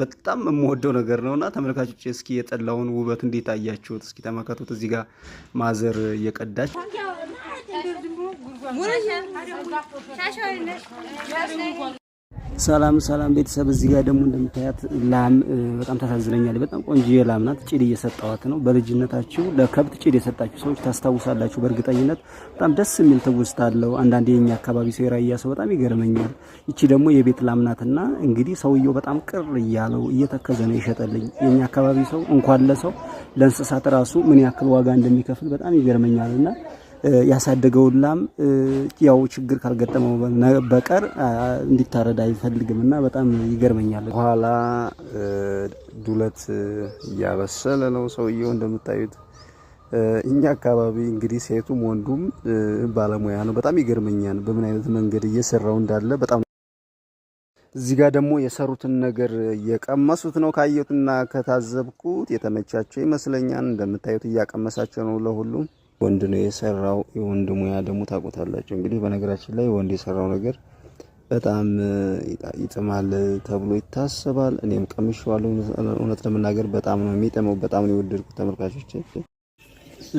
በጣም የምወደው ነገር ነው እና ተመልካቾች እስኪ የጠላውን ውበት እንዴት አያችሁት? እስኪ ተመከቱት። እዚህ ጋር ማዘር እየቀዳች ሰላም ሰላም ቤተሰብ፣ እዚህ ጋር ደግሞ እንደምታያት ላም በጣም ታሳዝነኛለች። በጣም ቆንጆ ላም ናት። ጭድ እየሰጠዋት ነው። በልጅነታችሁ ለከብት ጭድ የሰጣችሁ ሰዎች ታስታውሳላችሁ በእርግጠኝነት። በጣም ደስ የሚል ትውስት አለው። አንዳንድ የኛ አካባቢ ሰው የራያ ሰው በጣም ይገርመኛል። ይቺ ደግሞ የቤት ላም ናትና እንግዲህ ሰውየው በጣም ቅር እያለው እየተከዘ ነው ይሸጠልኝ። የኛ አካባቢ ሰው እንኳን ለሰው ለእንስሳት ራሱ ምን ያክል ዋጋ እንደሚከፍል በጣም ይገርመኛልና ያሳደገውን ላም ያው ችግር ካልገጠመው በቀር እንዲታረድ አይፈልግም እና በጣም ይገርመኛል። በኋላ ዱለት እያበሰለ ነው ሰውየው እንደምታዩት። እኛ አካባቢ እንግዲህ ሴቱም ወንዱም ባለሙያ ነው። በጣም ይገርመኛል በምን አይነት መንገድ እየሰራው እንዳለ በጣም እዚህ ጋር ደግሞ የሰሩትን ነገር እየቀመሱት ነው። ካየሁትና ከታዘብኩት የተመቻቸው ይመስለኛል። እንደምታዩት እያቀመሳቸው ነው ለሁሉም ወንድ ነው የሰራው። የወንድ ሙያ ደግሞ ታውቁታላችሁ። እንግዲህ በነገራችን ላይ ወንድ የሰራው ነገር በጣም ይጥማል ተብሎ ይታሰባል። እኔም ቀምሼዋለሁ። እውነት ለመናገር በጣም ነው የሚጥመው። በጣም ነው የወደድኩት ተመልካቾች።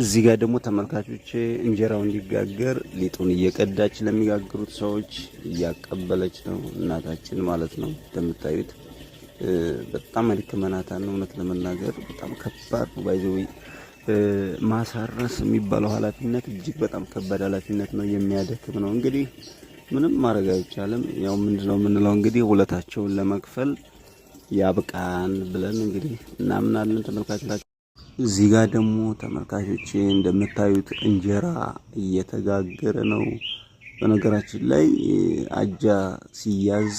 እዚህ ጋር ደግሞ ተመልካቾች እንጀራው እንዲጋገር ሊጡን እየቀዳች ለሚጋግሩት ሰዎች እያቀበለች ነው እናታችን ማለት ነው። እንደምታዩት በጣም አድክመናታን ነው እውነት ለመናገር በጣም ከባድ ነው ባይዘዊ ማሳረስ የሚባለው ኃላፊነት እጅግ በጣም ከባድ ኃላፊነት ነው። የሚያደክም ነው። እንግዲህ ምንም ማድረግ አይቻልም። ያው ምንድነው የምንለው እንግዲህ ውለታቸውን ለመክፈል ያብቃን ብለን እንግዲህ እናምናለን። ተመልካቾች እዚህ ጋር ደግሞ ተመልካቾች እንደምታዩት እንጀራ እየተጋገረ ነው። በነገራችን ላይ አጃ ሲያዝ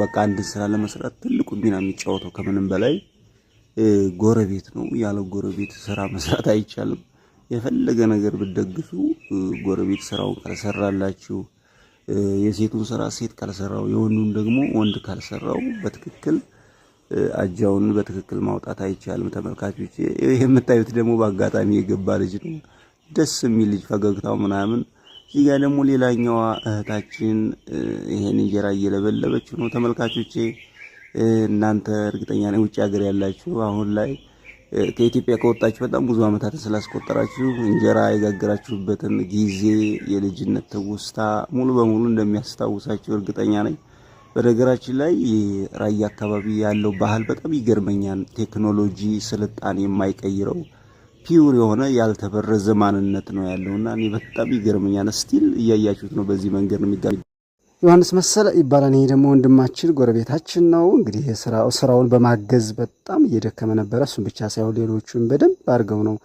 በቃ አንድን ስራ ለመስራት ትልቁ ሚና የሚጫወተው ከምንም በላይ ጎረቤት ነው። ያለ ጎረቤት ስራ መስራት አይቻልም። የፈለገ ነገር ብትደግፉ ጎረቤት ስራውን ካልሰራላችሁ፣ የሴቱን ስራ ሴት ካልሰራው፣ የወንዱን ደግሞ ወንድ ካልሰራው በትክክል አጃውን በትክክል ማውጣት አይቻልም። ተመልካቾች የምታዩት ደግሞ በአጋጣሚ የገባ ልጅ ነው። ደስ የሚል ልጅ ፈገግታው ምናምን። እዚህ ደግሞ ሌላኛዋ እህታችን ይሄን እንጀራ እየለበለበች ነው ተመልካቾቼ እናንተ እርግጠኛ ነኝ ውጭ ሀገር ያላችሁ አሁን ላይ ከኢትዮጵያ ከወጣችሁ በጣም ብዙ ዓመታትን ስላስቆጠራችሁ እንጀራ የጋገራችሁበትን ጊዜ የልጅነት ትውስታ ሙሉ በሙሉ እንደሚያስታውሳችሁ እርግጠኛ ነኝ። በነገራችን ላይ ራያ አካባቢ ያለው ባህል በጣም ይገርመኛል። ቴክኖሎጂ ስልጣን የማይቀይረው ፒውር የሆነ ያልተበረዘ ማንነት ነው ያለውና እኔ በጣም ይገርመኛል። ስቲል እያያችሁት ነው። በዚህ መንገድ ነው የሚጋ ዮሐንስ መሰለ ይባላል። ይሄ ደግሞ ወንድማችን ጎረቤታችን ነው። እንግዲህ ስራውን በማገዝ በጣም እየደከመ ነበረ። እሱን ብቻ ሳይሆን ሌሎቹን በደንብ አድርገው ነው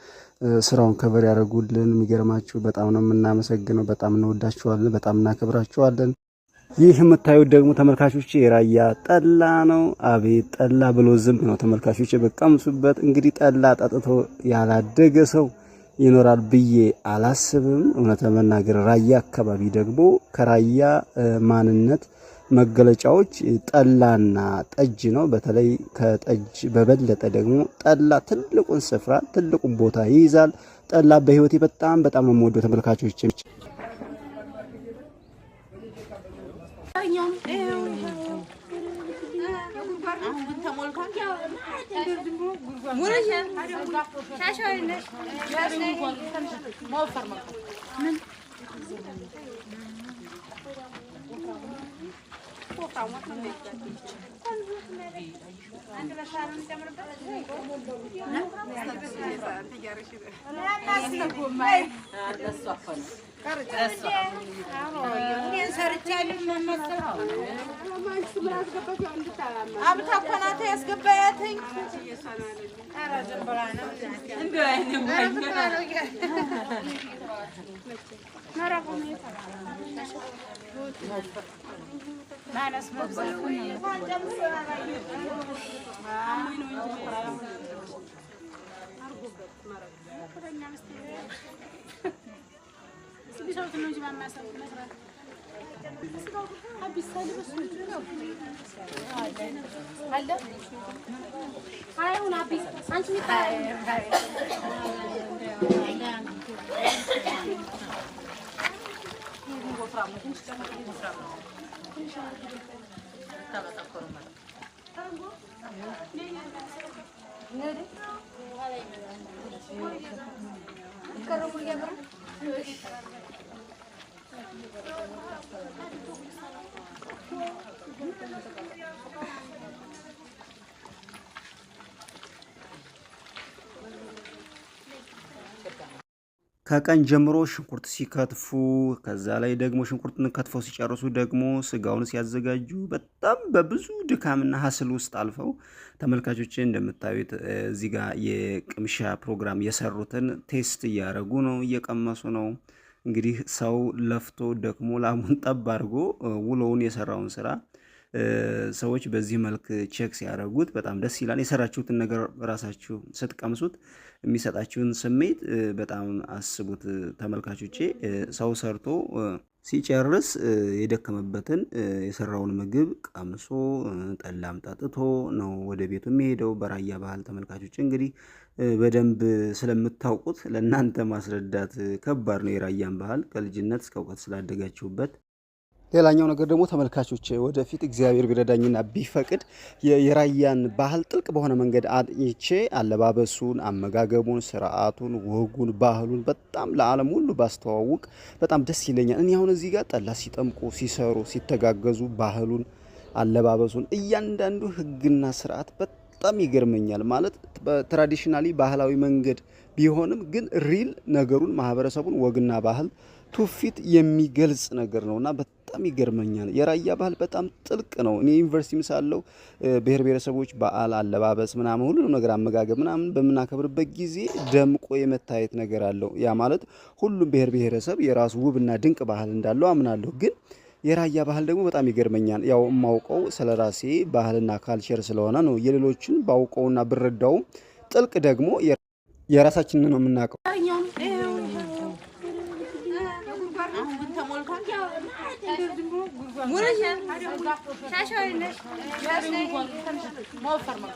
ስራውን ከበር ያደረጉልን። የሚገርማችሁ በጣም ነው የምናመሰግነው። በጣም እንወዳችኋለን። በጣም እናከብራችኋለን። ይህ የምታዩት ደግሞ ተመልካቾች የራያ ጠላ ነው። አቤት ጠላ ብሎ ዝም ነው ተመልካቾች በቀምሱበት። እንግዲህ ጠላ ጠጥቶ ያላደገ ሰው ይኖራል ብዬ አላስብም። እውነት ለመናገር ራያ አካባቢ ደግሞ ከራያ ማንነት መገለጫዎች ጠላና ጠጅ ነው። በተለይ ከጠጅ በበለጠ ደግሞ ጠላ ትልቁን ስፍራ ትልቁን ቦታ ይይዛል። ጠላ በህይወቴ በጣም በጣም የምወደው ተመልካቾች Ik heb een mooie zin. Ik heb een heb een mooie zin. Ik heb een mooie zin. Ik een አብታ እኮ ናት ያስገባያት። Bir sordan önce ben mesela Hayır ona bir. Sen şimdi hayır. Tamam, tamam, korunmadım. Tamam bu. Ne yiyorsun? Nerede? Karı buraya bırak. Thank you. ከቀን ጀምሮ ሽንኩርት ሲከትፉ ከዛ ላይ ደግሞ ሽንኩርትን ከትፈው ሲጨርሱ ደግሞ ስጋውን ሲያዘጋጁ በጣም በብዙ ድካምና ሀስል ውስጥ አልፈው ተመልካቾች እንደምታዩት እዚህ ጋ የቅምሻ ፕሮግራም የሰሩትን ቴስት እያደረጉ ነው፣ እየቀመሱ ነው። እንግዲህ ሰው ለፍቶ ደክሞ ላሙን ጠብ አድርጎ ውሎውን የሰራውን ስራ ሰዎች በዚህ መልክ ቼክ ሲያደርጉት በጣም ደስ ይላል። የሰራችሁትን ነገር ራሳችሁ ስትቀምሱት የሚሰጣችሁን ስሜት በጣም አስቡት ተመልካቾቼ። ሰው ሰርቶ ሲጨርስ የደከመበትን የሰራውን ምግብ ቀምሶ ጠላም ጠጥቶ ነው ወደ ቤቱ የሚሄደው። በራያ ባህል ተመልካቾች እንግዲህ በደንብ ስለምታውቁት ለእናንተ ማስረዳት ከባድ ነው። የራያን ባህል ከልጅነት እስከ እውቀት ስላደጋችሁበት ሌላኛው ነገር ደግሞ ተመልካቾች ወደፊት እግዚአብሔር ቢረዳኝና ቢፈቅድ የራያን ባህል ጥልቅ በሆነ መንገድ አቼ አለባበሱን፣ አመጋገቡን፣ ስርዓቱን፣ ወጉን፣ ባህሉን በጣም ለዓለም ሁሉ ባስተዋውቅ በጣም ደስ ይለኛል። እኔ አሁን እዚህ ጋር ጠላ ሲጠምቁ፣ ሲሰሩ፣ ሲተጋገዙ ባህሉን፣ አለባበሱን እያንዳንዱ ህግና ስርዓት በጣም ይገርመኛል። ማለት በትራዲሽናሊ ባህላዊ መንገድ ቢሆንም ግን ሪል ነገሩን ማህበረሰቡን ወግና ባህል ትውፊት የሚገልጽ ነገር ነውና በጣም ይገርመኛል። የራያ ባህል በጣም ጥልቅ ነው። እኔ ዩኒቨርሲቲም ሳለው ብሔር ብሔረሰቦች በዓል አለባበስ፣ ምናምን ሁሉንም ነገር አመጋገብ ምናምን በምናከብርበት ጊዜ ደምቆ የመታየት ነገር አለው። ያ ማለት ሁሉም ብሔር ብሔረሰብ የራሱ ውብና ድንቅ ባህል እንዳለው አምናለሁ ግን የራያ ባህል ደግሞ በጣም ይገርመኛል። ያው የማውቀው ስለ ራሴ ባህልና ካልቸር ስለሆነ ነው። የሌሎችን ባውቀውና ብረዳውም ጥልቅ ደግሞ የራሳችንን ነው የምናውቀው። Murat sen şöyle mol parmak.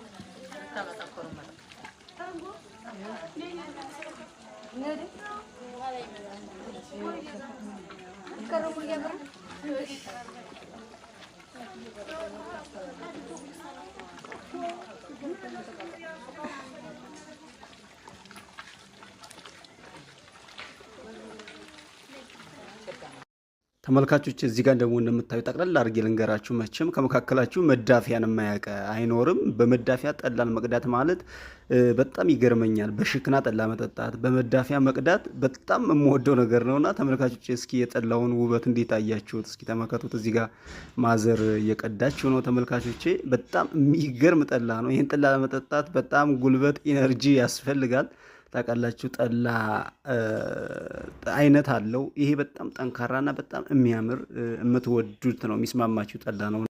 t a k u m a Karımı a Thank you. ተመልካቾች እዚህ ጋር ደግሞ እንደምታዩ ጠቅለል አድርጌ ልንገራችሁ። መቼም ከመካከላችሁ መዳፊያን የማያውቅ አይኖርም። በመዳፊያ ጠላን መቅዳት ማለት በጣም ይገርመኛል። በሽክና ጠላ መጠጣት፣ በመዳፊያ መቅዳት በጣም የምወደው ነገር ነውና ተመልካቾች እስኪ የጠላውን ውበት እንዴት አያችሁት? እስኪ ተመልከቱት። እዚህ ጋር ማዘር እየቀዳችሁ ነው ተመልካቾቼ። በጣም የሚገርም ጠላ ነው። ይህን ጠላ ለመጠጣት በጣም ጉልበት ኢነርጂ ያስፈልጋል። ታውቃላችሁ ጠላ አይነት አለው። ይሄ በጣም ጠንካራና በጣም የሚያምር የምትወዱት ነው የሚስማማችሁ ጠላ ነው።